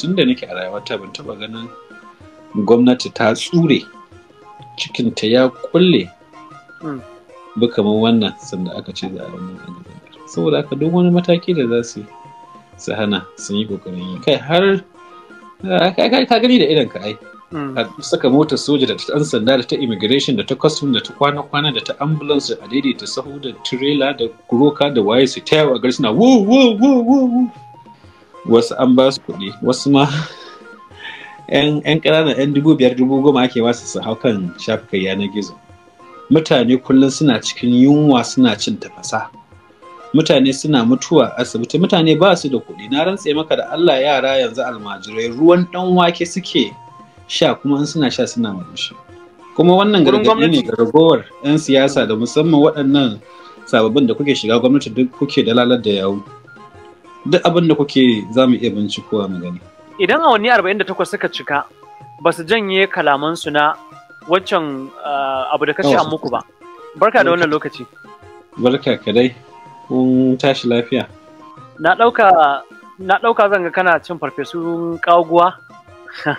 tun da nake a ta ban taba ganin gwamnati ta tsure cikinta ya kulle hmm. Buka wannan sanda aka ce za a wannan zanga saboda haka duk wani mataki da za su su hana sun yi kokarin yi kai har ka gani da idan hmm. ka ai a saka mota soja da ta sanda da ta immigration da ta custom da ta kwana-kwana da ta ambulance a daidaita sahu da trailer da kuroka da waye su ta wa gari suna wo wo wo wo wasu an ba su kuɗi wasu ma yan ƙananan yan dubu biyar dubu goma ake wasu su hau kan shafukan yanar gizo mutane kullum suna cikin yunwa suna cin tafasa mutane suna mutuwa asibiti mutane ba su da kuɗi na rantse maka da Allah yara yanzu almajirai ruwan ɗan wake suke sha kuma in suna sha suna murmushi kuma wannan gargaɗi ne ga ragowar 'yan siyasa da musamman waɗannan sababbin da kuke shiga gwamnati duk kuke dalalar da yawu duk abin da kuke za mu iya bincikowa mu gani idan awanni 48 suka cika ba su janye kalamansu na waccan ah, abu da kashe muku ba barka da wannan lokaci barka ka dai kun tashi lafiya na ɗauka na ɗauka zanga kana cin farfesun ƙaguwa.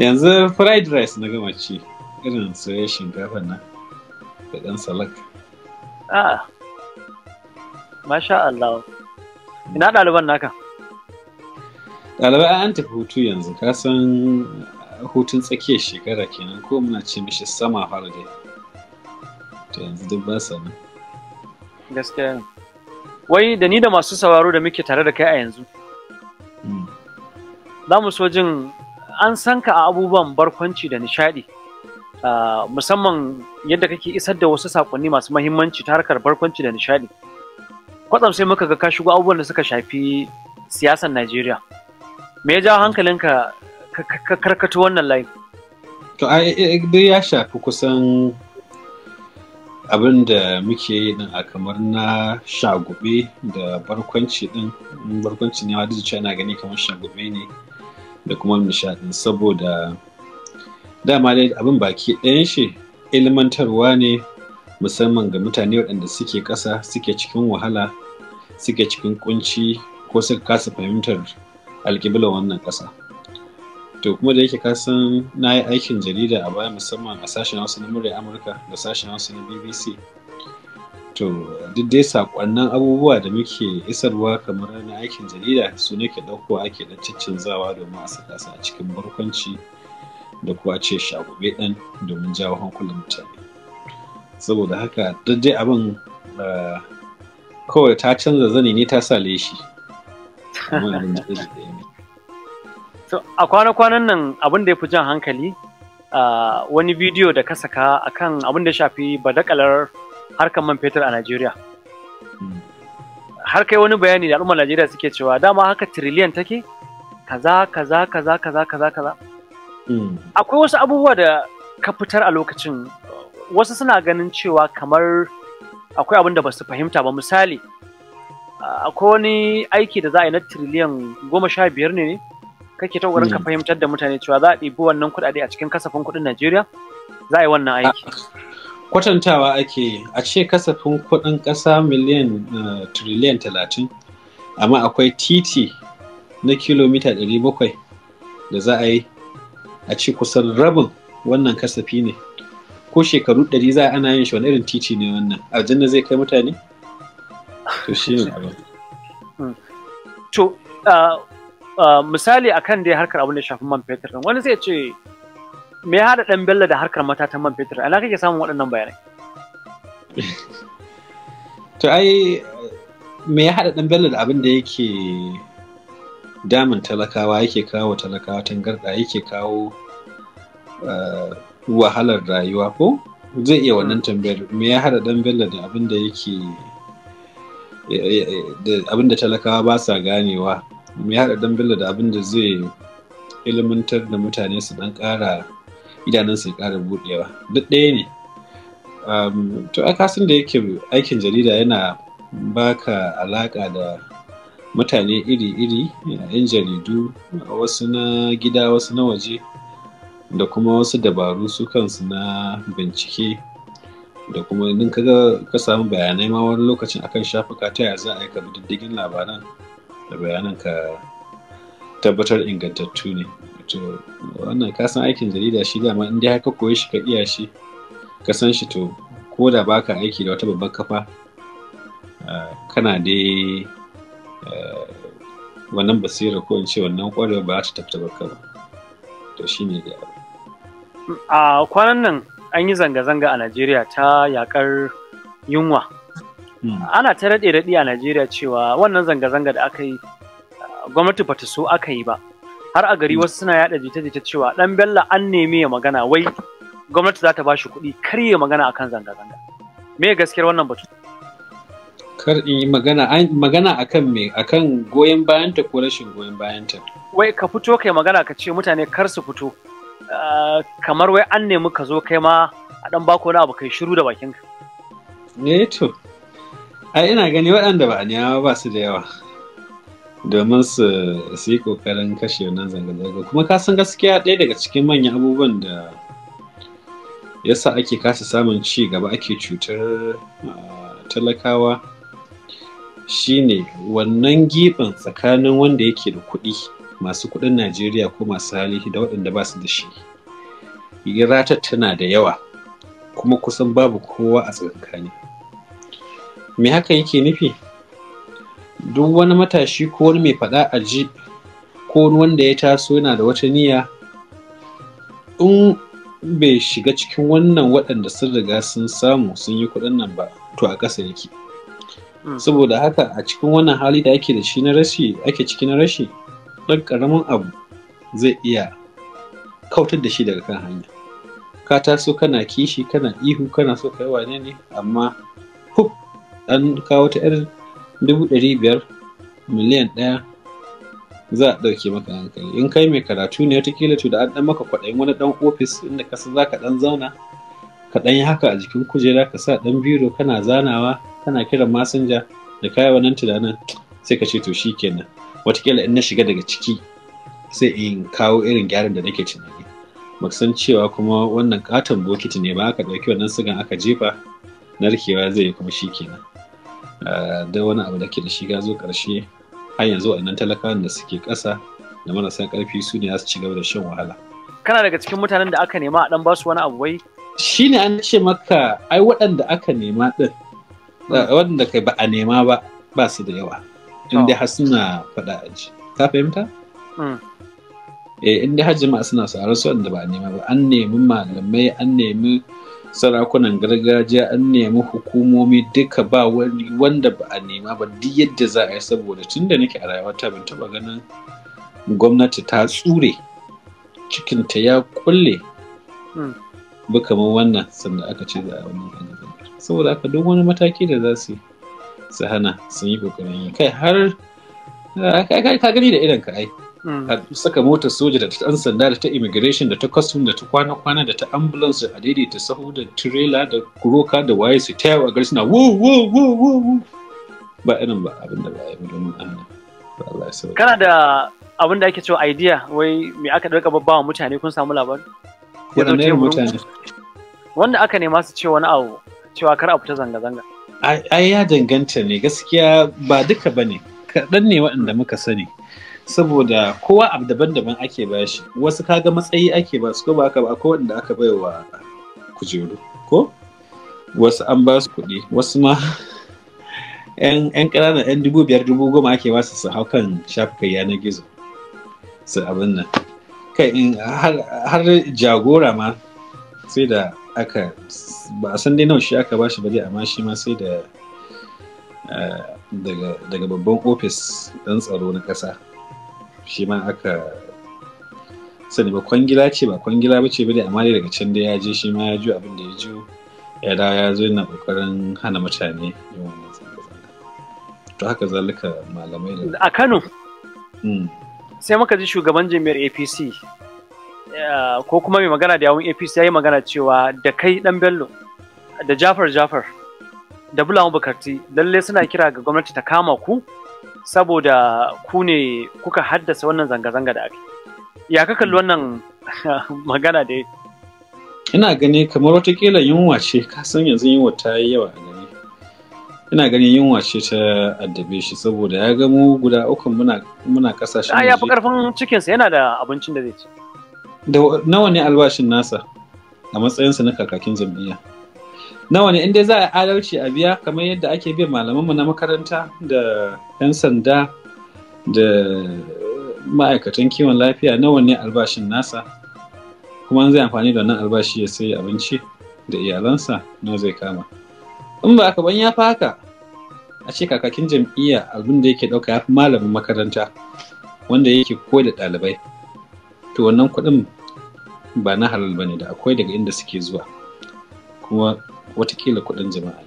yanzu fried rice na gama ci irin soyayyen shinkafa na da ɗan salak ah Masha Allah. Ina ɗaliban naka? Ɗalibai an tafi hutu yanzu, ka san hutun tsakiyar shekara kenan ko muna ce mishi sama holiday. To yanzu duk ba sa nan. Gaskiya. Wai da ni da masu sauraro da muke tare da kai a yanzu. Hmm. Za mu so jin an san ka a abubuwan barkwanci da nishaɗi. Ah, musamman yadda kake isar da wasu saƙonni masu mahimmanci ta harkar barkwanci da nishadi kwatsam sai muka ga ka shigo abubuwan da suka shafi siyasar Najeriya. Me ya jawo hankalinka ka karkato wannan layi? To dai eh, eh, ya shafi kusan abin da muke yi din a kamar na shagube da barkwanci din barkwanci ne wadda zuciya na gani kamar shagube ne da kuma nishadin saboda dama dai abin baki ɗayan shi ilmantarwa ne musamman ga mutane waɗanda suke ƙasa suke cikin wahala suke cikin ƙunci, ko suka kasa fahimtar alƙiblar wannan ƙasa to kuma da yake kasan na yi aikin jarida a baya musamman a sashen hausa na murya amurka da sashen hausa na bbc to duk dai saƙonnin abubuwa da muke isarwa kamar na aikin jarida su ne ke ɗauko ake da zawa domin a saka su a cikin barkwanci da kuwa ce shagube ɗan domin jawo hankulan mutane saboda haka duk dai abin eh, kawai ta canza zani ne ta sa leshi so a kwana-kwanan nan abin da ya fi jan hankali wani bidiyo da ka saka akan abin da shafi badakalar harkar man fetur a Najeriya. Hmm. Har kai wani bayani da al'ummar Najeriya suke cewa dama haka tiriliyan take kaza kaza kaza kaza kaza kaza. Hmm. Akwai wasu abubuwa da ka fitar a lokacin wasu suna ganin cewa kamar akwai abin da ba su fahimta ba misali akwai wani aiki da za a yi na tiriliyan goma sha biyar ne kake ta ka hmm. fahimtar da mutane cewa za a ɗibi wannan kuɗaɗe a cikin kasafin kuɗin Najeriya za a yi wannan aiki. Kwatantawa ake a ce kasafin kuɗin ƙasa miliyan tiriliyan talatin amma akwai titi na kilomita ɗari bakwai da za a yi a ce kusan rabin wannan kasafi ne ko shekaru ɗari za ana yin shi wani irin titi ne wannan aljanna zai kai mutane to shi ne hmm. to misali akan dai harkar abin da shafi man fetur ɗin wani zai ce me ya haɗa ɗan bello da harkar matatan man fetur ana kake samun waɗannan bayanai to ai me ya haɗa ɗan bello da abin da yake damun talakawa yake kawo talakawa tangarɗa yake kawo wahalar rayuwa ko zai iya hmm. wannan tambayar me ya hada dan bello da abin da yake eh, eh, eh, abin da talakawa ba sa ganewa me ya hada dan bello da abin da zai ilimantar da mutane su dan kara idanun su kara budewa duk ɗaya ne um, to a kasin da yake aikin jarida yana baka alaka da mutane iri-iri yan jaridu wasu na gida wasu na waje da kuma wasu dabaru su kansu na bincike da kuma idan ka ka samu bayanai ma wani lokacin akan shafuka ta yaya za a yi ka diddigin labaran da bayanan ka tabbatar ingantattu ne to wannan ka san aikin jarida shi dama in dai haka koyi shi ka iya shi ka san shi to ko da baka aiki da wata babbar kafa kana dai wannan basira ko in ce wannan kwarewa ba ta tafi ta ba to shine da abu a kwanan nan an yi zanga-zanga a najeriya ta yakar yunwa hmm. ana ta raɗe raɗi a najeriya cewa wannan zanga-zanga da aka yi gwamnati ba ta so aka yi ba har a gari hmm. wasu suna yada jita-jita cewa dan bella an neme ya magana wai gwamnati za ta ba shi kuɗi kar ya magana akan zanga-zanga me gaskiyar wannan batu kar in yi magana magana akan me akan goyon bayanta ko rashin goyon bayanta wai ka fito kai magana ka ce mutane kar su fito Ah, kamar wai an nemi ka zo kai ma a dan bako na abu kai shiru da bakinka. Ne eh to, A ina gani waɗanda ba nema ba su da yawa domin su yi ƙoƙarin kashe wannan zanga-zanga kuma ka san gaskiya ɗaya daga cikin manyan abubuwan da yasa ake kasa samun ci gaba ake cutar ah, talakawa shine wannan gifin tsakanin wanda yake da kuɗi masu kuɗin najeriya ko masu halihi da waɗanda ba su da shi ratar tana da yawa kuma kusan babu kowa a tsakani me haka yake nufi duk wani matashi ko wani mai faɗa a ji ko wani wanda ya taso yana da wata niyya in bai shiga cikin wannan waɗanda sun riga sun samu sun yi kuɗin nan ba to a ƙasa yake hmm. saboda haka a cikin wannan hali da ake da shi na rashi ake na rashi ɗan ƙaramin abu zai iya kautar da shi daga kan hanya ka taso kana kishi kana ihu kana so ka yi wane ne amma huf an kawo ta 'yar dubu ɗari biyar miliyan ɗaya za a ɗauke maka hankali in kai mai karatu ne watakila to da an ɗan maka kwaɗayin wani ɗan ofis inda ka san za ka ɗan zauna ka ɗan yi haka a jikin kujera ka sa ɗan biro kana zanawa kana kiran masinja da kayan wannan tunanin sai ka ce to shi kenan watakila in na shiga daga ciki sai in kawo irin gyaran da nake tunani san cewa kuma wannan katon bokiti ne ba aka ɗauki wannan sugan aka jefa narkewa zai yi kuma shi kenan ah, da wani abu da ke da shiga zo ƙarshe har yanzu wannan talakawan da suke ƙasa da marasa ƙarfi su ne za su ci gaba da shan wahala kana daga cikin mutanen da aka nema a dan basu wani abu wai Shi ne an ce maka ai waɗanda aka nema din hmm. waɗanda kai ba a nema ba ba su da yawa in har suna faɗa a ji ka fahimta hmm. eh, in har jama'a suna sauraron su wanda ba nema ba an nemi malamai an nemi sarakunan gargajiya an nemi hukumomi duka ba wani wanda ba a nema ba duk yadda za a yi saboda tun da nake a ta ban taba ganin gwamnati ta tsure cikinta ya kulle hmm. bukamin wannan sanda aka ce za a wannan saboda aka duk wani mataki da za su yi su hana sun yi kokarin yi kai har ah, ka gani da irin ka ai mm. saka motar soja da ta ɗan sanda da ta immigration da ta custom da ta kwana-kwana da ta ambulance da ta sahu da trailer da kuroka da waye su ta yawa gari suna wo wo wo wo ba irin ba abin da ba ya yi domin Allah kana da abin da ake cewa idea wai me aka ɗauka babba wa mutane kun samu labari wanda aka nema su ce wani abu cewa kar a fita zanga-zanga ai ya danganta ne gaskiya ba duka ba ne kaɗan ne waɗanda muka sani saboda kowa abu daban-daban ake ba shi wasu kaga matsayi ake ba su ko ba ka ba ko waɗanda aka bai wa kujeru ko wasu an ba su kuɗi wasu ma yan ƙananan yan dubu biyar dubu goma ake ba su su hau kan shafukan yanar gizo su abin nan kai har jagora ma sai da aka ba a san dai nawa shi aka bashi ba dai amma shi ma sai da eh, daga babban ofis dan tsaro na ƙasa shi ma aka sani ba kwangila ce ba kwangila ba ce ba dai amma dai daga can dai ya je shi ma ya ji abin da ya ji ya da ya zo yana ƙoƙarin hana mutane yin wannan to haka zalika malamai da a kano hmm. sai muka ji shugaban jami'ar apc Eh, ko kuma mai magana da yawun apc ya yi magana cewa da kai dan bello da jafar jafar da bulawan bukarti lalle suna kira ga gwamnati ta kama ku saboda ku ne kuka haddasa wannan zanga-zanga da ake ya ka kalli wannan magana da ina gani kamar watakila yunwa ce kasan yanzu yunwa ta yi yawa a gani ina ganin yunwa ce ta addabe shi saboda ya gamo guda uku muna kasashen ya fi karfin cikinsa yana da abincin da zai ci da nawa ne albashin nasa a matsayinsa na kakakin jam'iyya nawa ne inda za a adalci a biya kamar yadda ake biyan malamanmu na makaranta da 'yan sanda da ma'aikatan kiwon lafiya nawa ne albashin nasa kuma zai amfani da wannan albashi ya sayi abinci da iyalansa nawa zai kama in ba aka ban ya fi haka a ce kakakin jam'iyya abin da yake ɗauka ya fi malamin makaranta wanda yake koyar da ɗalibai to wannan kuɗin ba na halal bane da akwai daga inda suke zuwa kuma watakila kuɗin jama'a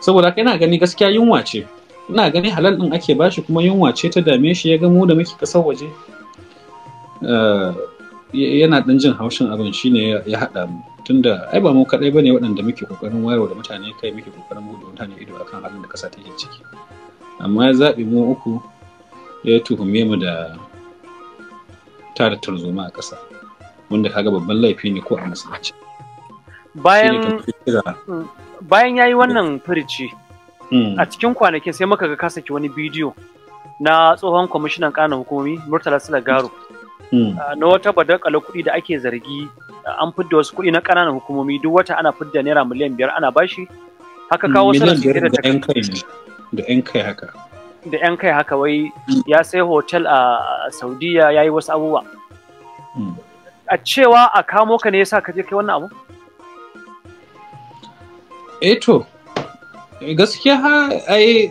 saboda haka ina gani gaskiya yunwa ce ina gani halal ɗin ake bashi kuma yunwa ce ta dame shi ya ga mu da muke kasar waje eh, yana ɗan jin haushin abin shine ya haɗa mu tunda ai ba mu kaɗai bane waɗanda muke kokarin wayarwa da mutane kai muke kokarin mu da mutane ido akan halin da kasa take ciki amma ya zabi mu uku ya tuhume mu da tada tarzoma a kasa wanda kaga babban laifi ne ko a musulunci bayan mm, bayan yayi wannan furici mm. a cikin kwanakin sai muka ga ka saki wani bidiyo na tsohon kwamishinan kanan hukumomi murtala silagaro mm. ah, na wata badakala kuɗi da ake zargi ah, an fidda wasu kuɗi na ƙananan hukumomi duk wata ana fidda naira miliyan biyar ana bashi haka kawo sanar da da yan kai haka da yan kai haka wai ya sai hotel a saudiya ya yi wasu abubuwa a cewa a kamo ka ne yasa ka je kai wannan abu eh to gaskiya ha ai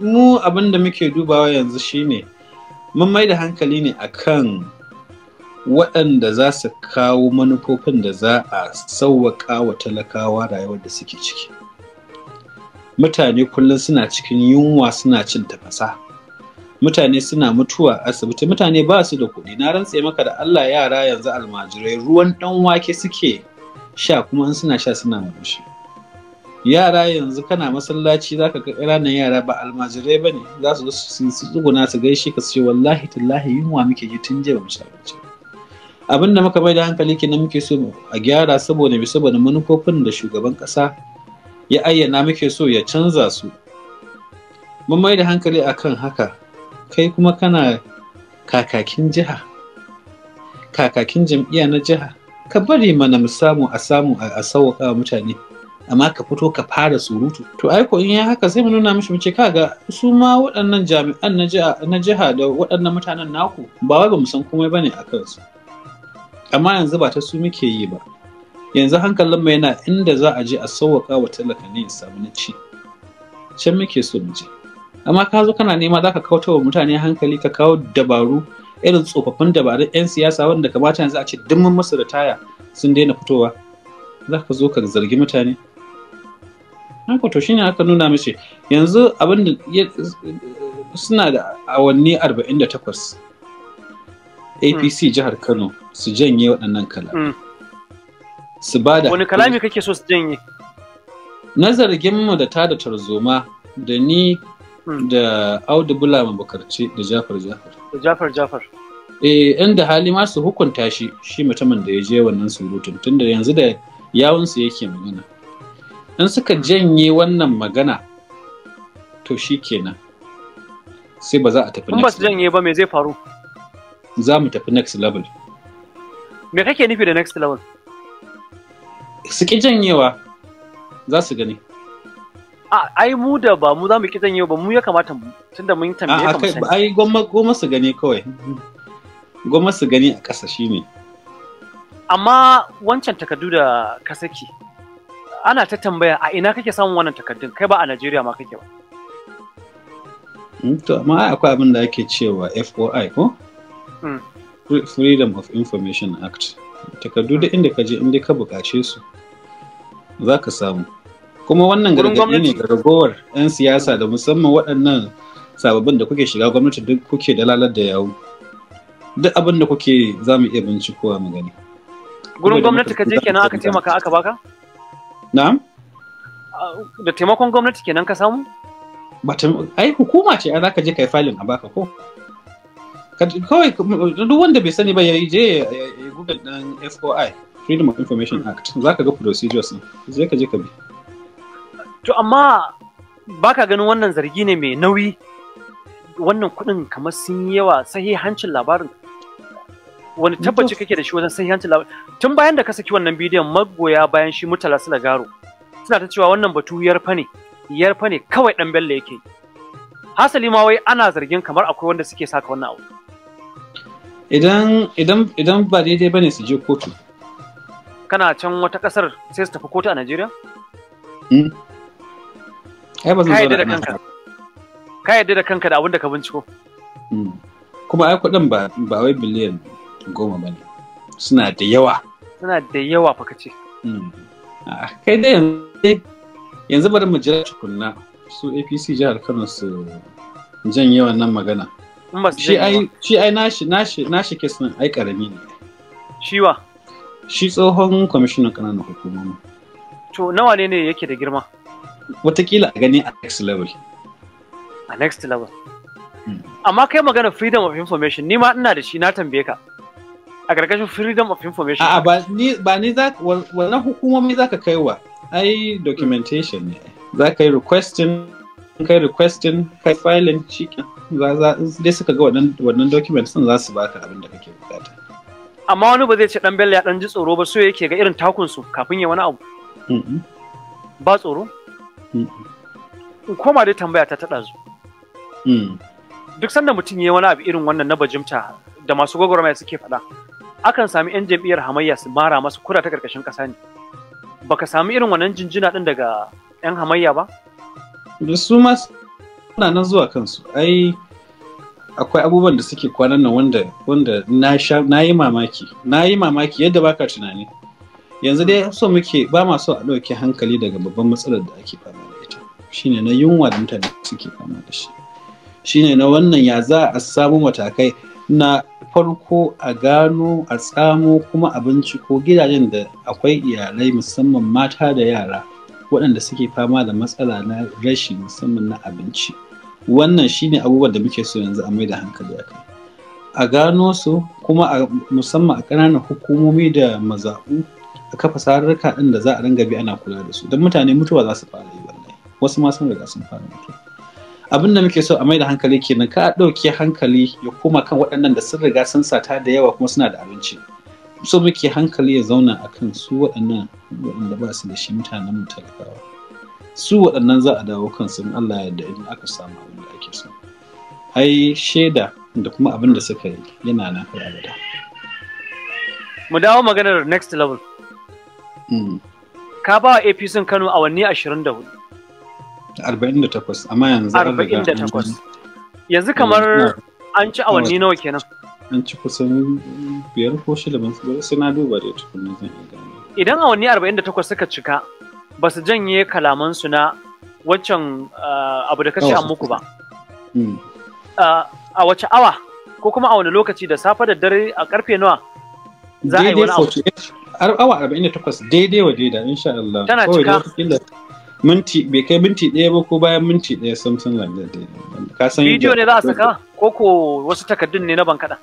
mu abin da muke dubawa yanzu shine mun mai da hankali ne akan waɗanda za su kawo manufofin da za a sauwaƙa wa talakawa rayuwar da suke ciki mutane kullum suna cikin yunwa suna cin tafasa mutane suna mutuwa asibiti mutane ba su da kuɗi na rantse maka da Allah yara yanzu almajirai ruwan dan wake suke sha kuma in suna sha suna murmushi yara yanzu kana masallaci zaka ga ƙananan yara ba almajirai bane za su su tsuguna su gaishe ka su ce wallahi tallahi yunwa muke ji tun jiya mu abinci abin da muka mai da hankali kenan muke so a gyara saboda bi saboda manufofin da shugaban ƙasa ya ayyana muke so ya canza su mun mai da hankali akan haka kai kuma kana kakakin jiha kakakin jam'iyya na jiha ka bari mana mu samu a samu a wa mutane amma ka fito ka fara surutu to ai ko in ya haka sai mu nuna mishi mace kaga su ma waɗannan jami'an na jiha da waɗannan mutanen naku ba wai musan san komai bane a kansu amma yanzu ba ta su muke yi ba yanzu hankalin mu yana inda za a je a sauwaka wa talaka ne ya samu na ci can muke so mu je amma ka zo kana nema za ka kauta wa mutane hankali ka kawo dabaru irin tsofaffin dabarun 'yan siyasa wanda kamata yanzu a ce dimmin masu ritaya sun daina fitowa za ka zo ka zargi mutane haka to shine aka nuna mace yanzu abin da suna da awanni 48 apc jihar kano su janye waɗannan kala hmm. su ba da wani kalami kake so su janye na zargin mu da ta da tarzoma da ni da Audu Bula Bakarci da Jafar Jafar. Da Jafar Jafar. Eh, ɗan da hali ma su hukunta shi shi mutumin da ya je wannan surutun tunda yanzu da yawunsu yake magana. In suka janye wannan magana to shi kenan sai ba za a tafi next ba su janye ba me zai faru za mu tafi next level me kake nufi da next level su janyewa za su gani a ai mu da ba mu za mu ki zanyewa ba mu ya kamata tunda mun tambaye ka mu ai goma goma su gani kawai goma su gani a ƙasa shine amma wancan takardu da ka saki ana ta tambaya a ina kake samun wannan takardun kai ba a Najeriya ma kake ba hmm, to amma akwai abin da ake cewa FOI ko hmm. Freedom of Information Act takardu da inda ka je inda ka buƙace su za ka samu kuma wannan gargaɗi ne ga 'yan siyasa da musamman waɗannan sababbin da kuke shiga gwamnati duk kuke dalalar da yawo duk abin da kuke za mu iya bincikowa mu gani gurin gwamnati ka je kenan aka taimaka aka baka na'am ah, da taimakon gwamnati kenan ka samu ba ai hukuma ce ai ka je kai filin a baka ko kawai duk wanda bai sani ba ya je ya google dan FOI Freedom of Information Act Za ka ga procedures ne zai ka je ka bi to amma baka ganin wannan zargi ne mai nauyi wannan kuɗin kamar sun yi yawa sahihancin labarin wani tabbaci kake da shi wajen sahihancin labarin tun bayan da ka saki wannan bidiyon magoya bayan shi mutala suna garo suna ta cewa wannan batu yarfa ne yarfa ne kawai dan bello yake hasali ma wai ana zargin kamar akwai wanda suke saka wannan abu idan idan idan ba daidai bane su je kotu kana can wata kasar sai su tafi kotu a Najeriya hmm. ai ba zan zo da kanka ka yarda da kanka da abin da ka binciko hmm. kuma ai kuɗin ba ba wai biliyan goma ba ne suna da yawa suna da yawa fa kace hmm. kai da yanzu bari mu jira tukunna su APC jihar Kano su janye wannan magana shi ai nashi nashi nashi kes din ai karami ne shi wa shi tsohon kwamishinan ƙananan hukumomi to nawa ne ne yake da girma watakila a gani a next level a next level hmm. amma kai magana freedom of information ni ma ina da shi na tambaye ka a ƙarƙashin freedom of information a'a ba ni ba ni za wannan hukumomi zaka kaiwa ai documentation ne za ka yi requesting kai requesting kai filing cikin za za dai suka ga wannan wannan document sun za su baka abin da kake bukata amma wani ba zai ce dan bella ya dan ji tsoro ba so yake ga irin takun su kafin ya wani abu hmm. ba tsoro Mm. koma dai tambaya ta taɗa zu mm. duk sanda mutum ya wani abu irin wannan na bajimta da masu gwagwarmaya suke faɗa akan sami 'yan jam'iyyar hamayya su mara masu kura ta karkashin ƙasa ne baka sami irin wannan jinjina ɗin daga 'yan hamayya ba su ma suna nan zuwa kansu ai akwai abubuwan da suke kwanan nan wanda wanda na yi mamaki na yi mamaki yadda baka tunani yanzu dai so muke ba ma so a ɗauke hankali daga babban matsalar da ake faɗa shine na yunwa da mutane suke fama da shi shine na wannan ya za a samu matakai na farko a gano a tsamo kuma abinci ko gidajen da akwai iyalai musamman mata da yara waɗanda suke fama da matsala na rashi musamman na abinci wannan shine abubuwan da muke so yanzu a mai da hankali a kai a gano su kuma a musamman a ƙananan hukumomi da mazaɓu a kafa sararruka ɗin da za a ringa bi ana kula da su don mutane mutuwa za su fara yi ba wasu ma sun riga sun fara mutuwa abin da muke so a maida hankali kenan ka ɗauke hankali ya koma kan waɗannan da sun riga sun sata da yawa kuma suna da abinci so muke hankali ya zauna a kan su waɗannan waɗanda ba su da shi mutanen mu talakawa su waɗannan za a dawo kansu in Allah ya in aka samu abin da ake so ai shaida da kuma abin da suka yi yana nan har abada mu dawo maganar next level mm. ka ba wa APC Kano awanni 24 48 amma yanzu 48 yanzu kamar mm, an ci awanni nawa kenan an ci kusan biyar ko shida ban tsibiri sai na duba da na zan iya idan awanni 48 suka cika ba su janye kalamansu na waccan uh, abu da kashe muku ba mm. uh, a wace awa ko kuma a wani lokaci da safe da dare a karfe nawa za a yi wani awa 48 daidai wa daidai insha Allah tana cika minti bai kai minti ɗaya ba ko bayan minti ɗaya something like that ka san bidiyo ne za a saka ko ko wasu takaddun ne na ban kada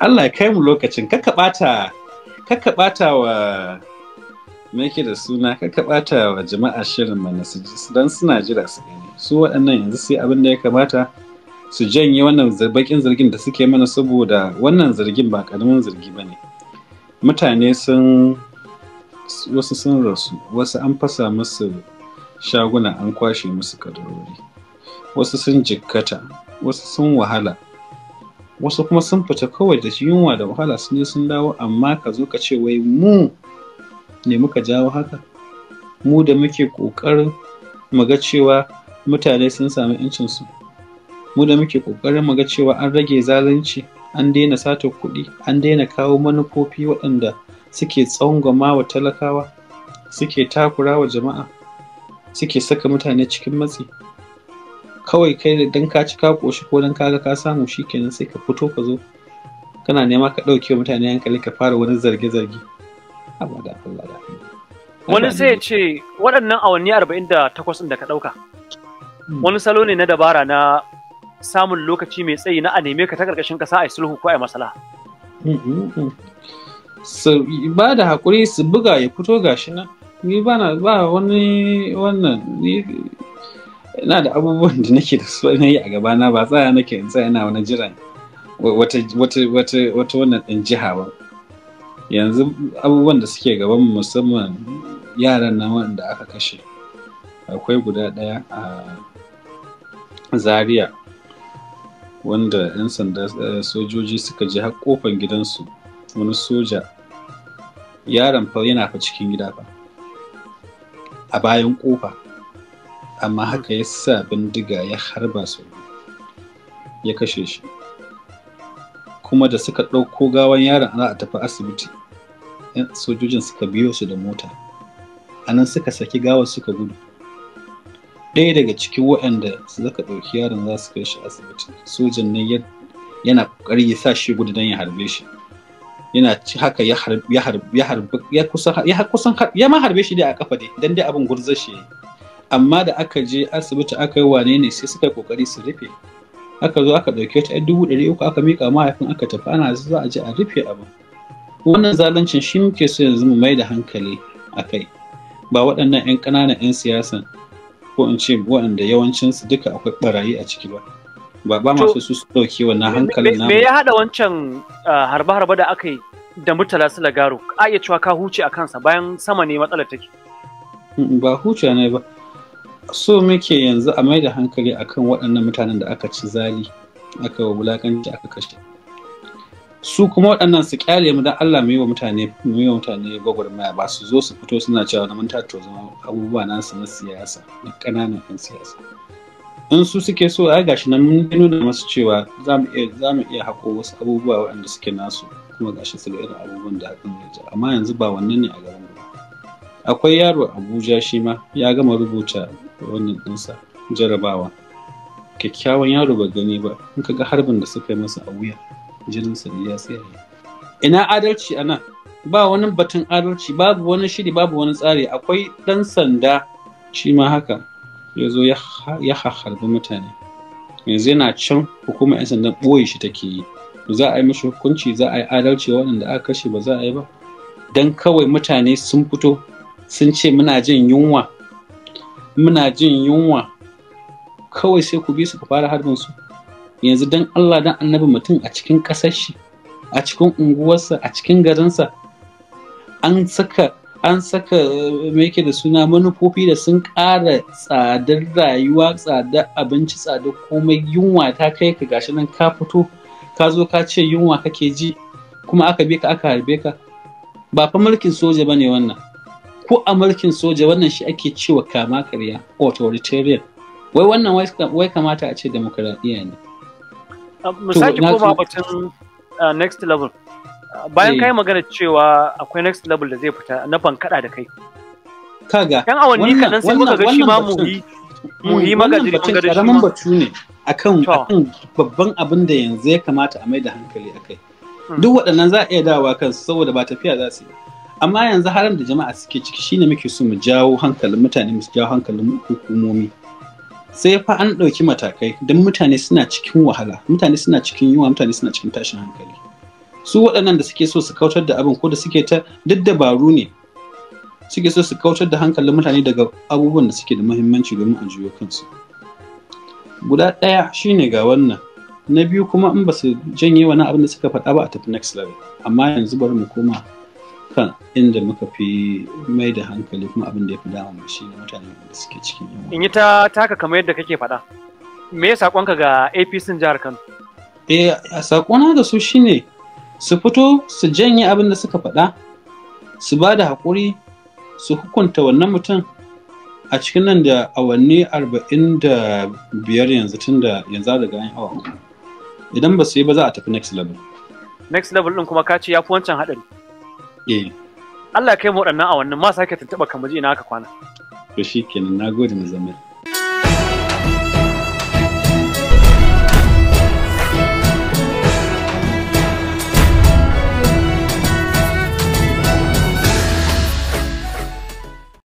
Allah ya kai mu lokacin kaka bata kaka bata wa me yake da suna kaka bata wa jama'a shirin mana su dan suna jira su gani su waɗannan yanzu sai abin da ya kamata su janye wannan bakin zargin da suke mana saboda wannan zargin ba karamin zargi ne. mutane sun wasu sun rasu wasu an fasa musu shaguna an kwashe musu kadarori wasu sun jikkata wasu sun wahala wasu kuma sun fita kawai da yunwa da wahala sun yi sun dawo amma ka zo ka ce wai mu ne muka jawo haka mu da muke ƙoƙarin cewa mutane sun sami incinsu, mu da muke ƙoƙarin cewa an rage zalunci an daina sata kuɗi an daina kawo manufofi waɗanda suke tsangwama wa talakawa suke takura wa jama'a suke saka mutane cikin matsi kawai kai da dan ka ci ka koshi ko dan kaga ka samu shikenan sai ka fito ka zo kana nema ka dauke mutane hankali ka fara wani zarge-zarge da Allah da wani sai ya ce waɗannan awanni 48 da ka ɗauka hmm. wani salo ne na dabara na samun lokaci mai tsayi na a neme ka ta karkashin ƙasa a sulhu ko a masala hmm, hmm, su ba da haƙuri su buga ya fito gashi nan ni ba na ba wani wannan ni ina da abubuwan da nake da su yi a gabana ba tsaya nake in tsaya ina wani jiran wata wannan din jiha ba yanzu abubuwan da suke gaban musamman yaran na wanda aka kashe akwai guda ɗaya a zaria wanda 'yan sanda eh, sojoji suka je har kofan gidansu wani soja yaron fa yana fa cikin gida fa a bayan kofa amma haka ya sa bindiga ya harba su ya kashe shi kuma da suka ɗauko gawan yaron ana a tafi asibiti sojojin suka biyo su da mota anan suka saki gawar suka gudu ɗaya daga cikin waɗanda suka ɗauki yaron za su kai shi asibiti sojan nan yana ƙoƙari ya sa shi gudu don ya harbe shi yana ci haka ya harbi ya harbi ya harbi ya kusan ya kusan ya ma harbe shi dai a kafa dai dan dai abin gurzar shi amma da aka je asibiti aka yi wane ne sai suka kokari su rufe aka zo aka dauke ta dubu ɗari uku aka mika mahaifin aka tafi ana za a je a rufe abin wannan zalancin shi muke so yanzu mu mai da hankali a kai ba waɗannan 'yan ƙananan 'yan siyasan ko in ce waɗanda yawancinsu duka akwai barayi a ciki ba ba ba masu su su dauki wannan hankalin namu me ya hada wancan ah, harba-harba da aka yi da mutala su lagaro a iya cewa ka huce a kansa bayan sama ne matsalar take mm, ba huce ne ba so muke yanzu a mai da hankali akan waɗannan mutanen da aka ci zali aka wulakanci aka kashe su kuma waɗannan su kyale mu dan Allah mu yi wa mutane mai wa mutane gwagwarmaya ba su zo su fito suna cewa na mun tattauna abubuwa na su na siyasa na ƙananan 'yan siyasa in su suke so a gashi na mun nuna masu cewa za mu iya haƙo wasu abubuwa waɗanda suke nasu kuma gashi su ga irin abubuwan da hakan ya amma yanzu ba wannan ne a gaban ba akwai yaro abuja shi ma ya gama rubuta wannan ɗinsa jarabawa kyakkyawan yaro ba gani ba in ka ga harbin da suka yi masa a wuya jininsa sa ya tsaya ina adalci ana ba wani batun adalci babu wani shiri babu wani tsari akwai ɗan sanda shi ma haka ya zo ya harbi mutane yanzu yana can hukumar 'yan sandan ɓoye shi take yi za a yi mashi hukunci za a yi adalci waɗanda aka kashe ba za a yi ba don kawai mutane sun fito sun ce muna jin yunwa muna jin yunwa kawai sai ku bi su ku fara harbin su yanzu don Allah don annabi mutum a cikin ƙasar a cikin unguwarsa a cikin garinsa an saka an saka mai da suna manufofi da sun ƙara tsadar rayuwa tsadar abinci tsadar komai yunwa ta kai ka gashi nan ka fito ka zo ka ce yunwa kake ji kuma aka bi ka aka harbe ka ba fa mulkin soja bane wannan ko a mulkin soja wannan shi ake cewa kama karya authoritarian wai wannan wai kamata a ce demokradiyya ne. Mu ko koma batun uh, next level. bayan eh. kai magana cewa akwai next level da zai fita na fankada da kai kaga yan awanni sai muka ga shi ma muhi muhi magajiri shi ma batu ne akan akan babban abin da yanzu ya kamata a mai da hankali akai hmm. duk waɗannan za a iya dawowa kan saboda ba tafiya za su yi amma yanzu haram da jama'a suke ciki shine muke so mu jawo hankalin mutane mu jawo hankalin hukumomi sai fa an ɗauki matakai don mutane suna cikin wahala mutane suna cikin yunwa mutane suna cikin tashin hankali su waɗannan da suke so su kautar da abin ko da suke ta duk dabaru ne suke so su kautar da hankalin mutane daga abubuwan da suke da muhimmanci domin a juyo kansu guda ɗaya shine ga wannan na biyu kuma in ba su janye wani abin da suka faɗa ba a tafi next level amma yanzu bari mu koma kan inda muka fi mai da hankali kuma abin da ya fi dama mu shi ne mutane da suke cikin yawa. in yi ta taka kamar yadda kake faɗa me ya saƙonka ga apc jihar kano eh saƙona da su shine su fito su janye abin da suka faɗa su ba da haƙuri su hukunta wannan mutum a cikin nan da awanni arba'in da biyar yanzu tun da yanzu daga yan awa idan ba su yi ba za a tafi next level next level ɗin kuma ka ce ya fi wancan haɗari eh Allah kai mu waɗannan awannin ma sake tuntuɓa kamar ji ina aka kwana to shi kenan na gode na zamir